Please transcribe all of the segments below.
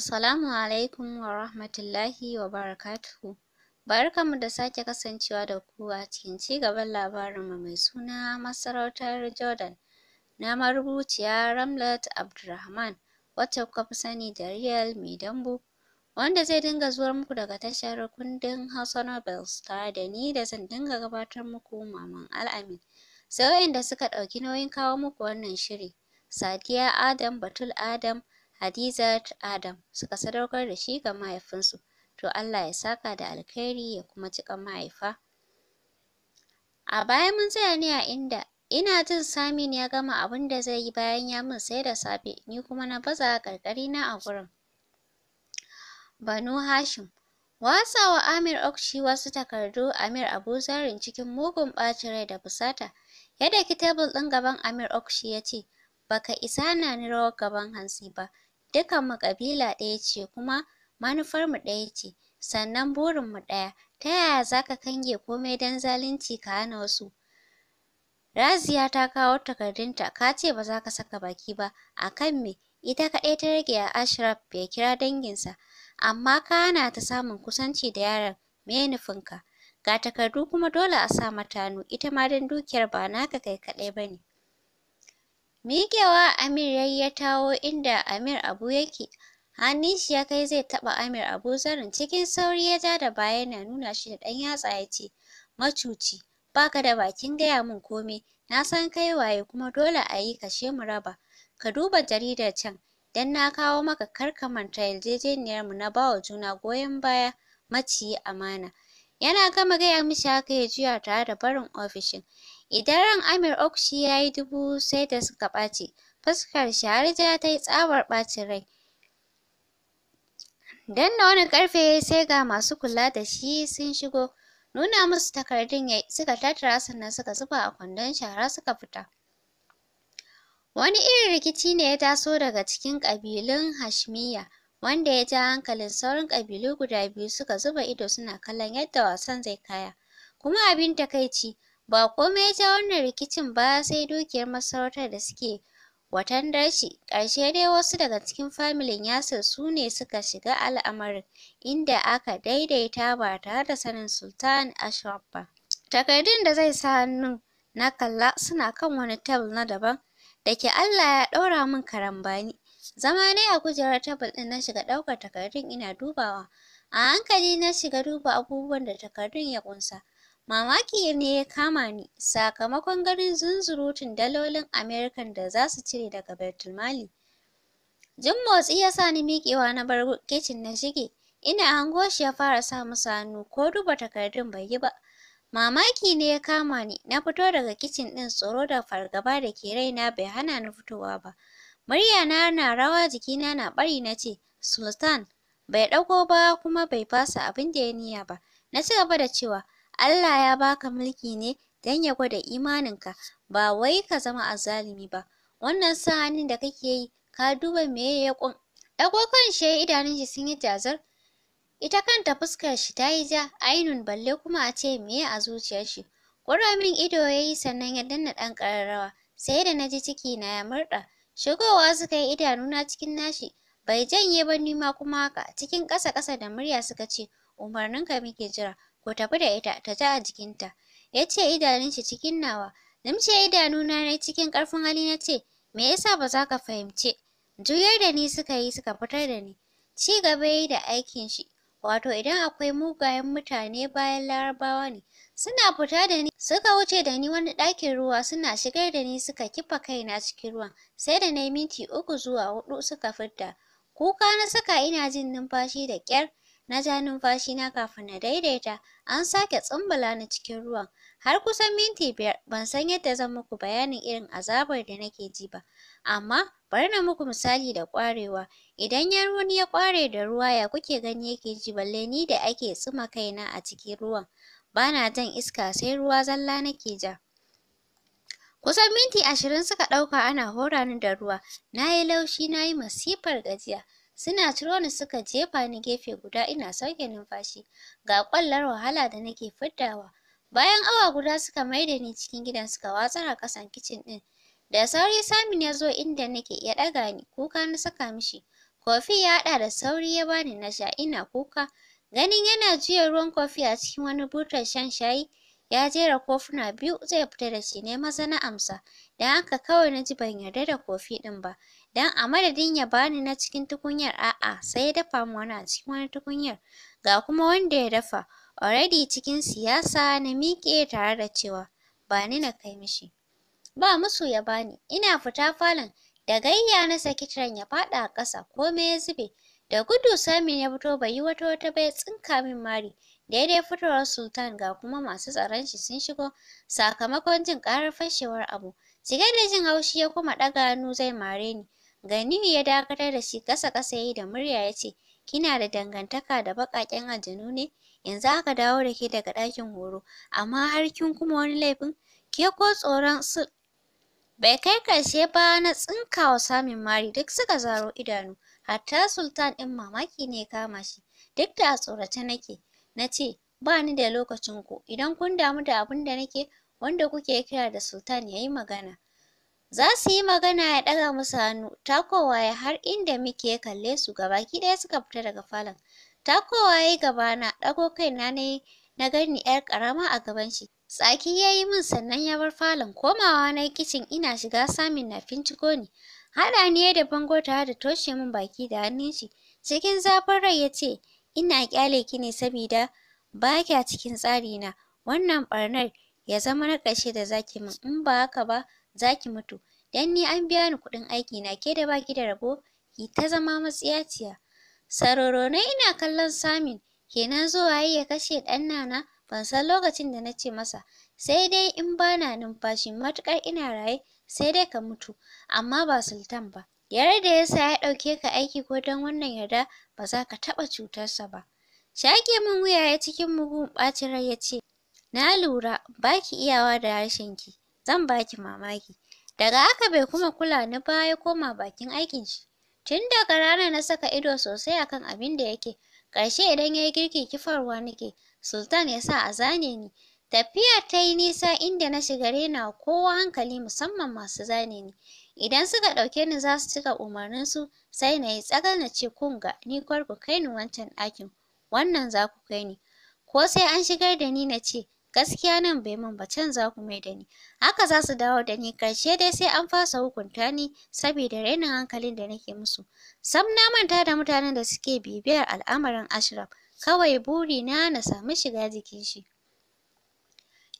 Assalamu alaikum wa rahmatullahi wa barakatuhu. Barkanmu da sake kasancewa da ku a cikin ci gaban labarinmu mai suna Masarautar Jordan na marubuciya Ramlat Abdulrahman wacce kuka fi sani da Real mai wanda zai dinga zuwar muku daga tashar kundin Hausa Nobels. tare da ni da zan dinga gabatar muku Maman Al'amin. Sai waɗanda suka ɗauki nauyin kawo muku wannan shiri. Sadiya Adam Batul Adam Hadizat Adam suka sadaukar da shi ga mahaifinsu. To Allah ya saka da alkhairi ya kuma cika mahaifa. A baya mun tsaya ne a inda ina jin Samin ya gama abin da zai yi bayan ya min sai da safe, ni kuma na baza karkari na a gurin. Banu Hashim wasa wa Amir Okshi wasu takardu Amir Abu Zarin cikin mugun ɓacin rai da fusata. yadda ki tebul ɗin gaban Amir Okshi ya ce, Baka isa na ni rawar gaban hansi ba, mu kabila ɗaya ce kuma manufarmu ɗaya ce sannan burin mu ɗaya ta yaya za ka kange komai dan zalunci ka hana wasu Raziya ta kawo takardunta ka ce ba za ka saka baki ba a kan me ita kaɗai ta rage a Ashraf bai kira danginsa amma ka hana ta samun kusanci da yaran? me nufinka ga takardu kuma dole a sa mata hannu ita ma don dukiyar ba naka kai kaɗai ba ne Mikewa Amir yayi ya tawo inda Amir Abu yake. Hannun shi ya kai zai taɓa Amir Abu Zarin cikin sauri ya ja da baya na nuna shi da ɗan yatsa ya ce, Macuci, baka da bakin gaya min komai, na san kai waye kuma dole a yi kashe mu raba. Ka duba jaridar can, don na kawo maka karkaman ka manta mu na bawa juna goyon baya maciyi amana. Yana gama gaya mishi haka ya juya tare da barin ofishin. Idan ran Amir Okshi ya yi dubu sai da suka ɓaci, fuskar shi ta yi tsabar ɓacin rai. na wani ƙarfe sai ga masu kula da shi sun shigo, nuna musu takardun ya suka tattara sannan suka zuba a kwandon shara suka fita. Wani irin rikici ne ya taso daga cikin ƙabilun Hashmiya, wanda ya ja hankalin sauran ƙabilu guda biyu suka zuba ido suna kallon yadda wasan zai kaya. Kuma abin takaici, Ba komai ya ja wannan rikicin ba sai dukiyar masarautar da suke watan darci. Ƙarshe dai wasu daga cikin familin Yasir su ne suka shiga al'amarin, inda aka daidaita ba tare da sanin Sultan Ashraf ba. Takardun da zai sa hannu na kalla suna kan wani tebul na daban, da ke Allah ya ɗaura min karambani. Zama ne a kujerar tebul ɗin na shiga ɗaukar takardun ina dubawa. A hankali na shiga duba abubuwan da takardun ya ƙunsa. Mamaki ne ya kama ni sakamakon ganin zunzurutun dalolin Amerikan da za su cire daga Mali. Jin motsi ya sa ni miƙewa na bar kicin na shige, ina hango shi ya fara sa musu hannu ko duba takardun bai yi ba. Mamaki ne ya kama ni, na fito daga kicin ɗin tsoro da fargaba da ke raina bai hana ni fitowa ba. Muryana na rawa jikina na ɓari na ce, Sultan, bai ɗauko ba kuma bai fasa abin da ya niyya ba. Na ci gaba da cewa, Allah ya baka mulki ne don ya gwada imaninka ba wai ka zama azalimi ba wannan sa hannun da kake yi ka duba me ya kun ɗago kan shi idanun shi sun yi jazar ita kanta fuskar shi ta yi ja ainun balle kuma a ce me a zuciyar shi ƙuramin ido ya yi sannan ya danna ɗan ƙararrawa sai da na ji ciki na ya murɗa shigowa suka yi idanuna cikin nashi bai janye ba ni ma kuma haka cikin ƙasa ƙasa da murya suka ce umarninka muke jira ku tafi da ita ta ji a jikinta ya ce idanun shi cikin nawa limce idanuna na cikin ƙarfin hali na ce me yasa ba za ka fahimce juyar da ni suka yi suka fitar da ni ci gaba yi da aikin shi wato idan akwai mugayen mutane bayan larabawa ne suna fita da ni suka wuce da ni wani ɗakin ruwa suna shigar da ni suka kifa kaina cikin ruwan sai da na yi minti uku zuwa hudu suka fidda kuka na saka ina jin numfashi da ƙyar Na ja numfashina kafin na daidaita, an sake tsumbula ni cikin ruwan. Har kusan minti biyar ban san yadda zan muku bayanin irin azabar da nake ji ba. Amma bari na muku misali da ƙwarewa. Idan ya wani ya ƙware da ruwa ya kuke gani yake ji balle ni da ake tsuma kaina a cikin ruwan. Bana jan iska sai ruwa zalla nake ja. Kusan minti ashirin suka ɗauka ana hora ni da ruwa. Na yi laushi na yi masifar gajiya. suna ciro ni suka jefa ni gefe guda ina sauke numfashi ga ƙwallar wahala da nake fiddawa bayan awa guda suka maida ni cikin gidan suka watsar a ƙasan kicin ɗin da sauri Samin ya zo inda nake ya ɗaga ni kuka na saka mishi kofi ya hada da sauri ya bani na sha ina kuka ganin yana juya ruwan kofi a cikin wani butar shan shayi ya jera kofuna biyu zai fita da shi ne maza na amsa dan haka kawai na ji ban yarda da kofi ɗin ba dan a madadin ya bani na cikin tukunyar a'a sai ya dafa mu wani a cikin wani tukunyar ga kuma wanda ya dafa already cikin siyasa na miƙe tare da cewa ba ni na kai mishi ba musu ya bani ina fita falon da gayya na saki tiran ya faɗa a ƙasa komai ya zube da gudu sami ya fito bai yi wata wata bai tsinka min mari daidai fitowar sultan ga kuma masu tsaron shi sun shigo sakamakon jin ƙarar fashewar abu cike da jin haushi ya kuma ɗaga hannu zai mare ni Ganiyu ya dakatar da shi kasa-kasa ya yi da murya ya ce, Kina da dangantaka da baƙaƙen aljanu ne? Yanzu aka dawo da ke daga ɗakin horo, amma har kin kuma wani laifin? Ke ko tsoron su Bai kai ƙarshe ba na tsinkawa samun mari duk suka zaro idanu, hatta Sultan ɗin mamaki ne kama shi, duk da a tsorace nake. Na ce, ba ni da lokacin ku, idan kun damu da abin da nake, wanda kuke kira da Sultan ya yi magana. Za su yi magana ya ɗaga musu hannu, takowa ya har inda muke kalle su ga baki ɗaya suka fita daga falon. Takowa ya gaba gabana, ɗago kai na yi na gani 'yar ƙarama a gaban shi. Tsaki ya yi min sannan ya bar falon, komawa na yi kicin ina shiga samin na finciko ni. Haɗa ni da bango tare da toshe min baki da hannun shi. Cikin zafin rai ya ce, ina ƙyale ki ne sabida ba kya cikin tsarina, wannan ɓarnar ya zama na ƙarshe da zaki min in ba haka ba zaki mutu dan ni an biya ni kuɗin aiki na ke da baki da rabo ki ta zama matsiyaciya saroro na ina kallon samin kenan zo zuwa ya kashe ɗan nana ban san lokacin da na ce masa sai dai in bana numfashi matukar ina raye sai dai ka mutu amma ba sultan ba yare da yasa ya ɗauke ka aiki ko dan wannan yarda ba za ka taɓa cutarsa ba shake min wuya ya cikin mugun ɓacin rai ya ce na lura Baki iyawa da harshen ki. zan baki mamaki. Daga haka bai kuma kula ni ba ya koma bakin aikin shi. Tun daga ranar na saka ido sosai akan abin da yake, ƙarshe idan ya yi girki kifarwa nake, Sultan ya sa a zane ni. Tafiya ta yi nisa inda na shiga rena kowa hankali musamman masu zane ni. Idan suka ɗauke ni za su cika umarninsu sai na yi tsagar na ce kun ga ni kar ku kai ni wancan ɗakin, wannan za ku kai ni. Ko sai an shigar da ni na ce gaskiya nan bai min ba can za ku mai da ni haka za su dawo da ni karshe dai sai an fasa hukunta ni saboda rainin hankalin da nake musu sam na manta da mutanen da suke bibiyar al'amarin ashraf kawai buri na na samu shiga jikin shi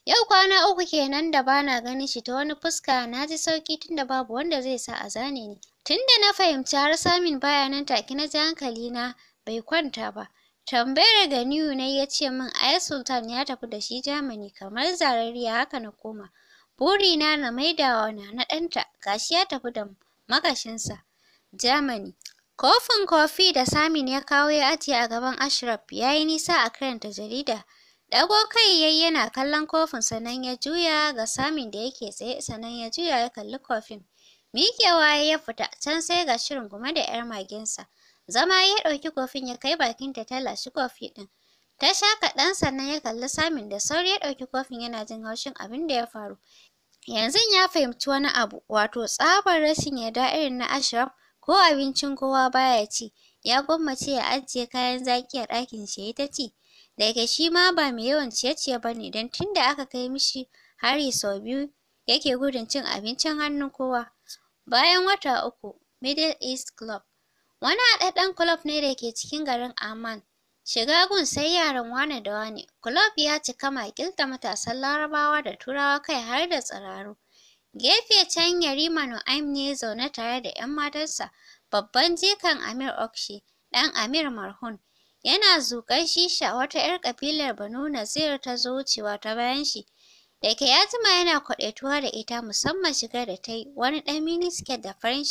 yau kwana uku kenan da bana ganin shi ta wani fuska na ji sauki tunda babu wanda zai sa a zane ni tunda na fahimci har samin bayanan nan take na ji hankali na bai kwanta ba tambayar da Niyu na ya ce min ai Sultan ya tafi da shi Germany kamar zarariya haka na koma burina na maidawa na na ɗanta gashi ya tafi da makashinsa Germany kofin kofi da Samin ya kawo ya ajiye a gaban Ashraf ya yi nisa a karanta jarida Ɗago kai yayi yana kallon kofin sannan ya juya ga Samin da yake tsaye sannan ya juya ya kalli kofin. Miƙewa ya fita can sai ga shirin game da 'yar magensa. Zama ya ɗauki kofin ya kai bakin ta lashi kofi ɗin. Ta sha kaɗan sannan ya kalli Samin da sauri ya ɗauki kofin yana jin haushin abin da ya faru. Yanzu ya fahimci wani abu, wato tsabar rashin yarda irin na Ashraf ko abincin kowa baya ci. Ya gwammace ya ajiye kayan zaki a ɗakin shi ya ta ci. Da ke shi ma ba mai yawan ciye-ciye ba ne don tun aka kai mishi hari sau biyu yake gudun cin abincin hannun kowa. Bayan wata uku, Middle East Club Wani haɗaɗɗen kulob ne da ke cikin garin Amman. Shiga gun sai yaran wane da wane. Kulob ya cika makilta matasan Larabawa da Turawa kai har da tsiraru. Gefe can Yarima Nu'aim ne zaune tare da 'yan matarsa, babban jikan Amir Okshi, ɗan Amir Marhun. Yana zuƙar shisha wata 'yar ƙabilar Banu Nazir ta zo wucewa ta bayan shi. Da ke ya yana tuwa da ita musamman shiga da ta yi wani ɗan miniskirt da farin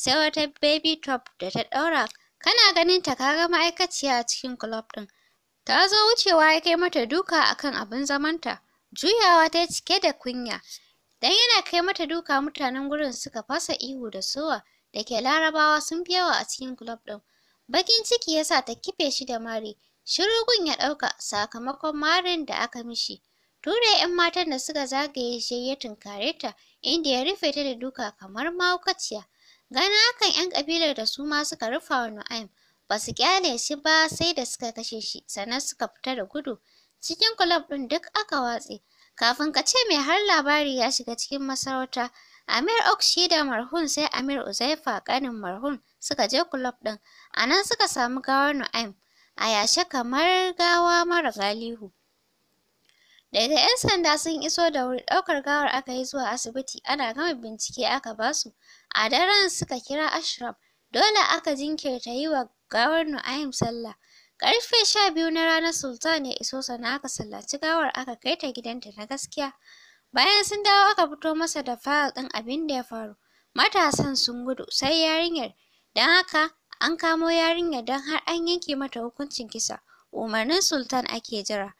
sai wata baby top da ta ɗaura kana ganin ta kaga ma'aikaciya a cikin club ɗin ta zo wucewa ya kai mata duka akan abin zamanta juyawa ta cike da kunya dan yana kai mata duka mutanen gurin suka fasa ihu da suwa da ke larabawa sun fi yawa a cikin club ɗin bakin ciki yasa ta kife shi da mari shirugun ya ɗauka sakamakon marin da aka mishi ture 'yan matan da suka zagaye shi ya tunkare ta inda ya rufe ta da duka kamar mahaukaciya Ganin hakan 'yan ƙabilar da su ma suka rufa wa nu'aim Ba su ƙyale shi ba sai da suka kashe shi, sannan suka fita da gudu. Cikin kulob ɗin duk aka watse. Kafin ka ce mai har labari ya shiga cikin masarauta, Amir Okshi da Marhun sai Amir Uzaifa ƙanin Marhun suka je kulob ɗin. A nan suka samu gawar nu'aim a yashe kamar gawa mara galihu. Daga 'yan sanda sun iso da wuri ɗaukar gawar aka yi zuwa asibiti ana gama bincike aka basu. A daren suka kira Ashraf dole aka jinkirta yi wa gawar Nu'aim sallah. Karfe sha biyu na ranar Sultan ya iso sana aka sallaci gawar aka kai ta gidanta na gaskiya. Bayan sun dawo aka fito masa da fayil ɗin abin da ya faru. Matasan sun gudu sai yarinyar don haka an kamo yarinyar don har an yanke mata hukuncin kisa. Umarnin Sultan ake jira.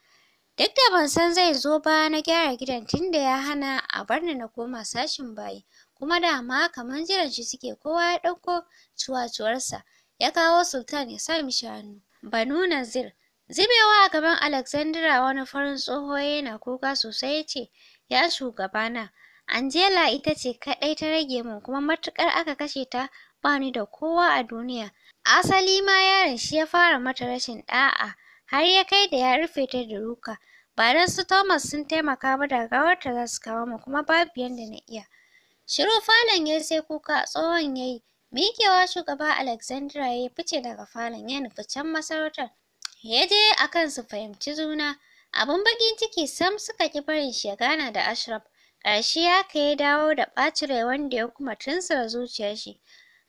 Duk da ban san zai zo ba na gyara gidan tunda ya hana a bar ni na koma sashin bayi. Kuma dama kamar jiran shi suke kowa ya ɗauko cuwa-cuwarsa. Ya kawo Sultan ya sa mishi hannu. Banu Nazir. Zubewa a gaban Alexandra wani farin tsoho yana kuka sosai ya ce, Ya shugabana, Angela ita ce kaɗai ta rage min kuma matuƙar aka kashe ta ba ni da kowa a duniya. Asali ma yaron shi ya fara mata rashin ɗa'a. har ya kai da ya rufe ta da ruka Ba don su Thomas sun taimaka ba da gawarta za su kawo mu kuma babu yanda na iya. Shiru falon ya sai kuka tsohon ya yi. Miƙewa shugaba Alexandra ya fice daga falon ya nufi can masarautar. Ya je a kan su fahimci juna. Abin bakin ciki sam suka ƙi barin shi ya gana da Ashraf. Ƙarshe ya ya dawo da ɓacin wanda ya kuma tunsura zuciyar shi.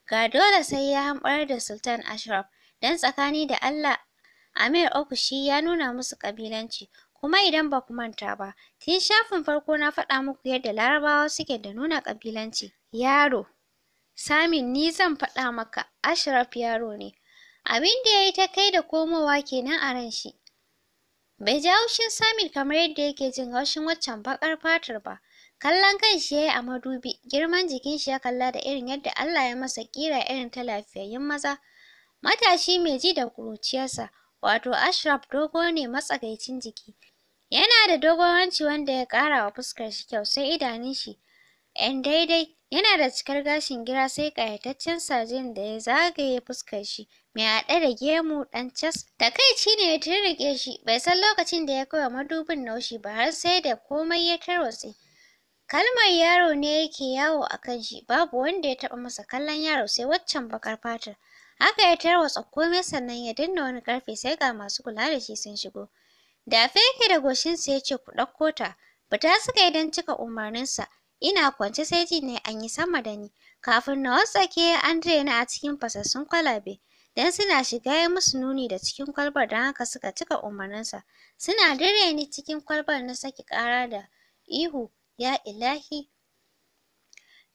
Ga dole sai ya hamɓar da Sultan Ashraf. dan tsakani da Allah Amir shi ya nuna musu kabilanci, kuma idan ba ku manta ba tun shafin farko na faɗa muku yadda larabawa suke da nuna kabilanci. yaro Samin ni zan faɗa maka Ashraf yaro ne abin da ya yi ta kai da komowa kenan a ran shi bai ji haushin Samin kamar yadda yake jin haushin waccan baƙar fatar ba kallon kan shi ya yi a madubi girman jikin shi ya kalla da irin yadda Allah ya masa kira irin ta lafiyayyun maza matashi mai ji da ƙuruciyarsa wato Ashraf dogo ne matsagaicin jiki. Yana da dogon hanci wanda ya ƙara wa fuskar shi kyau sai idanun shi ‘yan daidai. Yana da cikar gashin gira sai kayataccen sajen da ya zagaye fuskar shi mai haɗe da gemu ɗan cas. Takaici ne ya tirriƙe shi bai san lokacin da ya kai madubin naushi ba har sai da komai ya tarwatse. Kalmar yaro ne yake yawo a kan shi babu wanda ya taɓa masa kallon yaro sai waccan baƙar fatar. Haka ya tarwa komai sannan ya danna wani karfe sai ga masu kula da shi sun shigo. Da fe yake da goshin sa yace ku ɗauko ta. Fita suka yi don cika umarninsa. Ina kwance sai ji ne an yi sama da ni. Kafin na wasake an ni a cikin fasassun kwalabe. Dan suna shiga ya musu nuni da cikin kwalbar dan haka suka cika umarninsa. Suna dire ni cikin kwalbar na saki kara da ihu ya ilahi.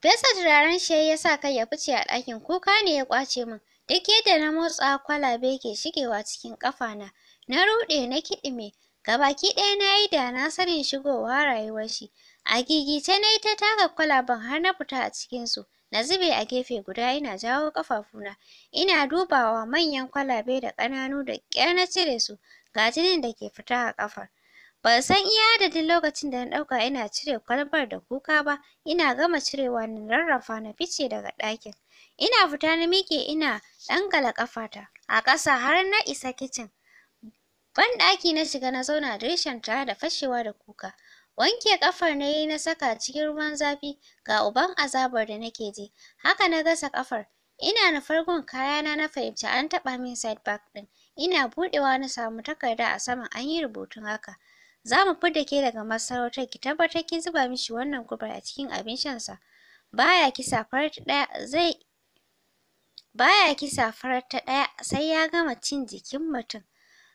Fesa turaren shi ya sa kai ya fice a ɗakin kuka ne ya kwace min. Duk yadda na motsa kwalabe ke shigewa cikin ƙafana, na na ruɗe na kiɗime, gabaki ɗaya na yi da na sanin shigowa rayuwar shi. A gigice na yi ta taka kwalaben har na fita a cikinsu, na zube a gefe guda ina jawo ƙafafuna, ina dubawa manyan kwalabe da ƙananu da ƙyar na cire su, ga jinin da ke fita a ƙafar. Ban san iya adadin lokacin da na ɗauka ina cire kwalbar da kuka ba, ina gama cirewa na rarrafa na fice daga ɗakin. Ina fita na miƙe ina ɗankala ƙafata a ƙasa har na isa kicin. Banɗaki na shiga na zauna reshen tare da fashewa da kuka. Wanke ƙafar na yi na saka cikin ruwan zafi ga uban azabar da nake ji. Haka na gasa ƙafar. Ina na farkon kayana na fahimci an taɓa min side bag ɗin. Ina buɗewa na samu takarda a saman an yi rubutun haka. Za mu fidda ke daga masarautar ki tabbatar kin zuba mishi wannan gubar a cikin abin shan sa Baya kisa farat ɗaya zai baya kisa farar ta ɗaya sai ya gama cin jikin mutum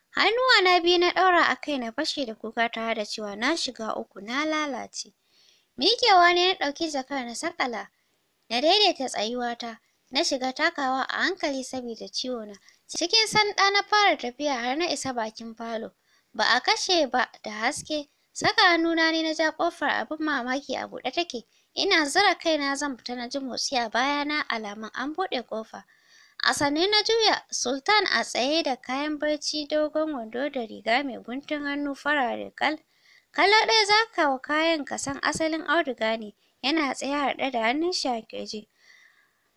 hannuwa na biyu na ɗaura a kai na fashe da kuka tare da cewa na shiga uku na lalace miƙewa ne na ɗauki jaka na sakala na daidaita tsayuwata na shiga takawa a hankali saboda ciwo na cikin sanda na fara tafiya har na isa bakin falo ba a kashe ba da haske Saka hannuna ne na ja ƙofar abin mamaki a buɗe take. Ina zura kaina zan fita na ji motsi a bayana alamun an buɗe ƙofa. A sanne na juya Sultan a tsaye da kayan barci dogon wando da riga mai guntun hannu farare kal. Kala ɗaya za ka wa kayan ka san asalin auduga ne yana tsaye haɗe da hannun shi a ƙirji.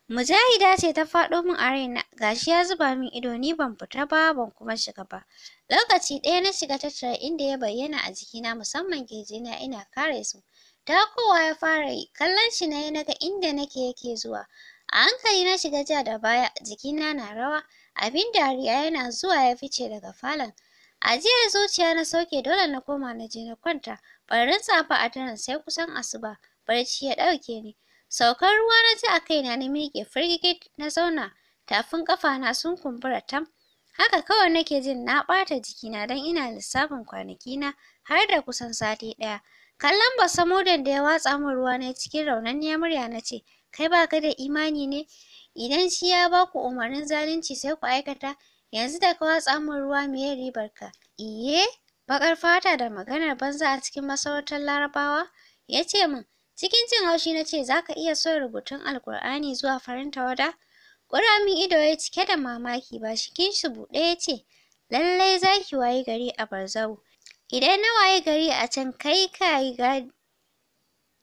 Mujahida ce ta faɗo min a raina gashi ya zuba min ido ni ban fita ba ban kuma shiga ba. Lokaci ɗaya na shiga tattara inda ya bayyana a jikina musamman na ina kare su. Takowa ya fara yi, kallon shi na yi na inda nake yake zuwa. A hankali na shiga ja da baya, jikina na rawa, abin dariya yana zuwa ya fice daga falon. Ajiyar zuciya na sauke dole na koma na je na kwanta, ban ba a daren sai kusan asuba, barci ya ɗauke ni. Saukar ruwa na ji a kaina na miƙe firgigit na zauna, tafin ƙafana sun kumbura tam. Haka kawai nake jin na ɓata jikina don ina lissafin na, har da kusan sati ɗaya. Kallon modan da ya watsa min ruwa na cikin ya murya na ce, Kai ba ka da imani ne? Idan shi ya ba ku umarnin zalunci sai ku aikata, yanzu da ka watsa min ruwa meye ka? Iye, baƙar fata da maganar banza a cikin masarautar Larabawa? Ya ce min, cikin jin haushi na ce, Za ka iya son rubutun Alƙur'ani zuwa farin tawada? ƙuramin ido ya cike da mamaki bashikin shi buɗe ya ce lallai za ki wayi gari a Barzau. idan na wayi gari a can kai ka yi gadi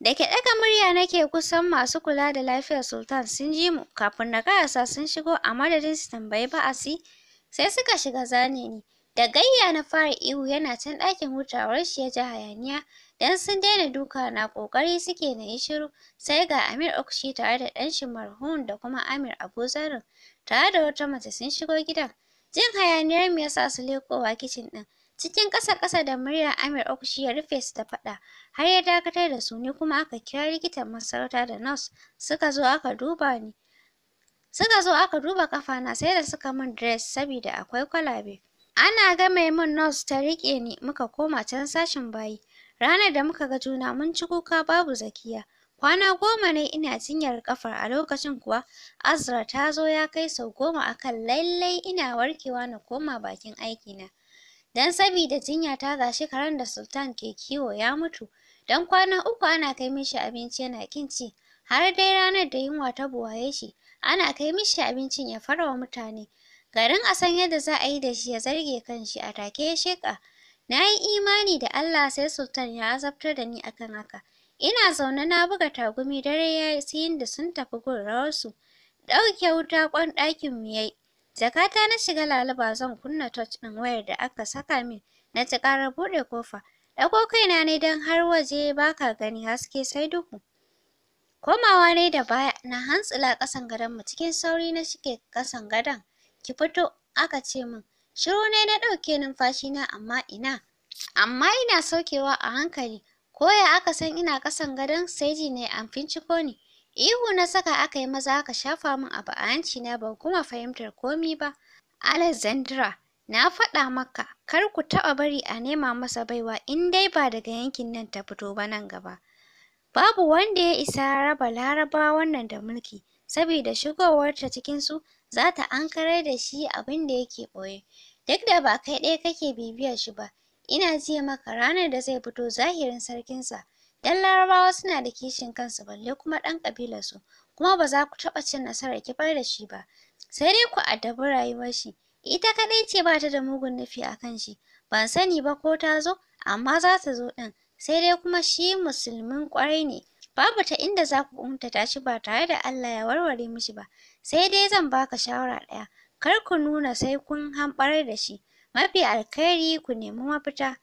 da ke ɗaga murya nake kusan masu kula da lafiyar sultan sun ji mu kafin na karasa sun shigo a madadin su tambayi ba'asi sai suka shiga zane ni da gayya na fara ihu yana can ɗakin hutawar shi ya ji hayaniya Dan sun daina duka na ƙoƙari suke na yi shiru, sai ga Amir Okshi tare da ɗan shi Marhun da kuma Amir Abu-Zarin, tare da wata mace sun shigo gidan. Jin hayaniyar me yasa su lekowa kicin ɗin. Cikin ƙasa-ƙasa da muryar Amir Okshi ya rufe su da faɗa, har ya dakatar da su ni kuma aka kira likitan masarauta da nurse suka zo aka duba ni. Suka zo aka duba na sai da suka mun dress saboda akwai kwalabe. Ana game mun nurse ta riƙe ni muka koma can sashin bayi. Ranar da muka ga juna mun ci kuka babu zakiya. Kwana goma ne ina jinyar kafa a lokacin kuwa Azra ta zo ya kai sau goma a kan lallai ina warkewa na koma bakin aikina. Dan sabida jinya ta gashi karen da Sultan ke kiwo ya mutu. Dan kwana uku ana kai mishi abinci yana kin ci. Har dai ranar da yunwa ta buwaye shi, ana kai mishi abincin ya farawa mutane. Garin a san yadda za a yi da shi ya zarge kanshi a take ya sheƙa. Na yi imani da Allah sai Sultan ya azabtar da ni akan haka. Ina zaune na buga tagumi dare ya yi sai da sun tafi gun rawarsu. Ɗauke wuta kwan ɗakin mu yayi. Jakata na shiga laluba zan kunna torch din wayar da aka saka min. Na ji ƙarar buɗe kofa. Ɗago kaina ne don har waje ba ka gani haske sai duhu. Komawa ne da baya na hantsila ƙasan mu cikin sauri na shige ƙasan gadon. Ki fito aka ce min. Shiru ne na ɗauke numfashina amma ina, amma ina saukewa a hankali, koya aka san ina kasan gadon Saiji ji ne an finciko ne. Ihu na saka aka yi maza aka shafa min abu a hanci na ban kuma fahimtar komi ba. Alexandra, na faɗa maka, kar ku taɓa bari a nema masa baiwa in dai ba daga yankin nan ta fito ba nan gaba. Babu wanda ya isa raba laraba wannan da mulki, saboda shigowarta cikin su za ta ankarar da shi abin da yake ɓoye. Duk da ba kai ɗaya kake bibiyar shi ba, ina jiya maka ranar da zai fito zahirin sarkinsa. Dan Larabawa suna da kishin kansu balle kuma ɗan ƙabilarsu, kuma ba za ku taɓa cin nasarar kifar da shi ba. Sai dai ku addabi rayuwar shi. Ita kaɗai ce bata da mugun nufi a kan shi, ban sani ba ko ta zo, amma za ta zo ɗin. Sai dai kuma shi musulmin ƙwarai ne, babu ta inda za ku ƙuntata shi ba tare da Allah ya warware mishi ba. sai dai zan baka shawara ɗaya kar ku nuna sai kun hamɓar da shi mafi alkhairi ku nemi mafita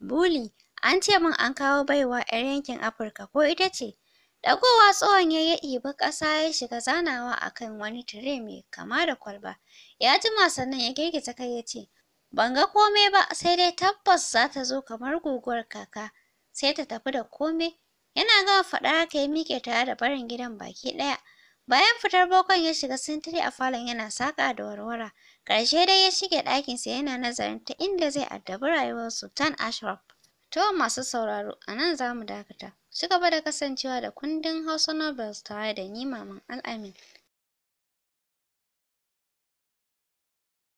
buli an ce min an kawo baiwa 'yar yankin afirka ko ita ce Ɗagowa tsohon ya yi ɗiba ƙasa ya shiga zanawa a kan wani tire mai kama da kwalba. Ya jima sannan ya girgiza kai ya ce, Ban ga komai ba sai dai tabbas za ta zo kamar guguwar kaka, sai ta tafi da komai. Yana gama faɗa haka ya miƙe tare da barin gidan baki ɗaya. Bayan fitar bokon ya shiga sintiri a falon yana saƙa da warwara. Ƙarshe dai ya shige ɗakinsa yana nazarin ta inda zai addabi rayuwar Sultan Ashraf. To masu sauraro, a nan za mu dakata. Ci gaba da kasancewa da kundin Hausa Novels tare da ni Maman Al'amin.